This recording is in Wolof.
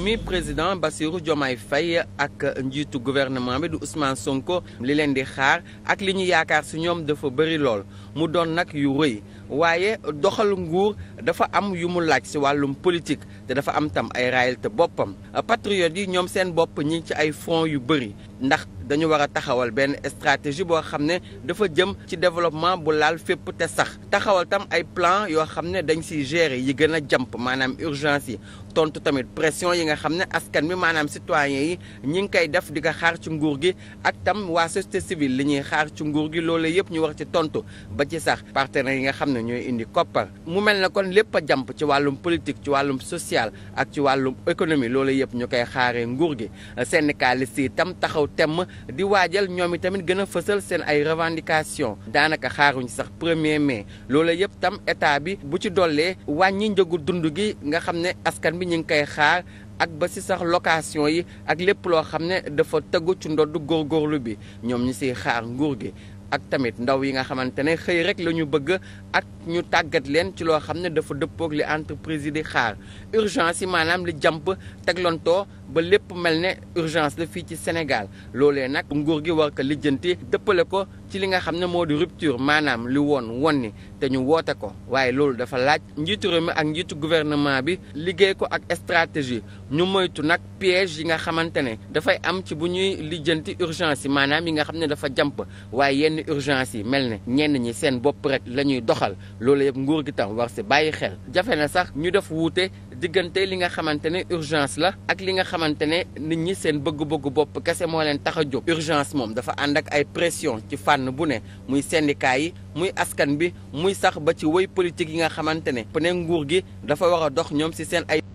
mi président Bassirou Diomaye Faye ak njiitu gouvernement bi du Ousmane Sonko li leen di xaar ak li ñu yaakaar si ñoom dafa bëri lool mu doon nag yu rëy waaye doxal nguur dafa am yu mu laaj si wàllum politique te dafa am tam ay raayal te boppam patriotes yi ñoom seen bopp ñi ci ay front yu bëri ndax dañu war a taxawal benn stratégie boo xam ne dafa jëm ci développement bu laal fépp te sax taxawal tam ay plan yoo xam ne dañ si gérer yi gën a jàmp maanaam urgence yi tontu tamit pression yi nga xam ne askan bi maanaam citoyen yi ñi ngi koy def di ko xaar ci nguur gi ak tam waa société civile li ñuy xaar ci nguur gi loolu yëpp ñu war ci tontu ba ci sax partenaires yi nga xam ne ne ñooy indi koppar mu mel ne kon lépp a jàmp ci wàllum politique ci wàllum social ak ci wàllum économie loolu yëpp ñu koy xaaree nguur gi syndicaliste yi tam taxaw temm di waajal ñoom itamit gën a fësal seen ay revendications daanaka xaaruñ sax premier mai loolu yëpp tam état bi bu ci dollee wàññi njëgu dund gi nga xam ne askan bi ñu ngi koy xaar ak ba si sax location yi ak lépp loo xam ne dafa tëggu ci ndodd góorlu bi ñoom ñu siy xaar nguur gi ak tamit ndaw yi nga xamante ne xëy rek la ñu bëgg ak ñu tàggat leen ci loo xam ne dafa dëppoog li entreprise yi di xaar urgence yi maanaam li jàmp teglontoo ba lépp mel ne urgence la fii ci Sénégal loolee nag nguur gi war ko lijjanti dëppale ko ci li nga xam ne moo di rupture maanaam li woon wonni te ñu woote ko waaye loolu dafa laaj njiitu réew ak njiitu gouvernement bi liggéey ko ak stratégie ñu moytu nag piège yi nga xamante ne dafay am ci bu ñuy lijjanti urgence yi maanaam yi nga xam ne dafa jàmp waaye yenn urgence yi mel ne ñenn ñi seen bopp rek la ñuy doxal loolu yëpp nguur gi tam war si bàyyi xel jafe na sax ñu def wuute diggante li nga xamante ne urgence la ak li nga xamante ne nit ñi seen bëgg-bëggu bopp kese moo leen tax a jóg urgence moom dafa ànd ak ay pression ci fànn bu ne muy syndicat yi muy askan bi muy sax ba ci woy politique yi nga xamante ne ne nguur gi dafa war a dox ñoom si seen ay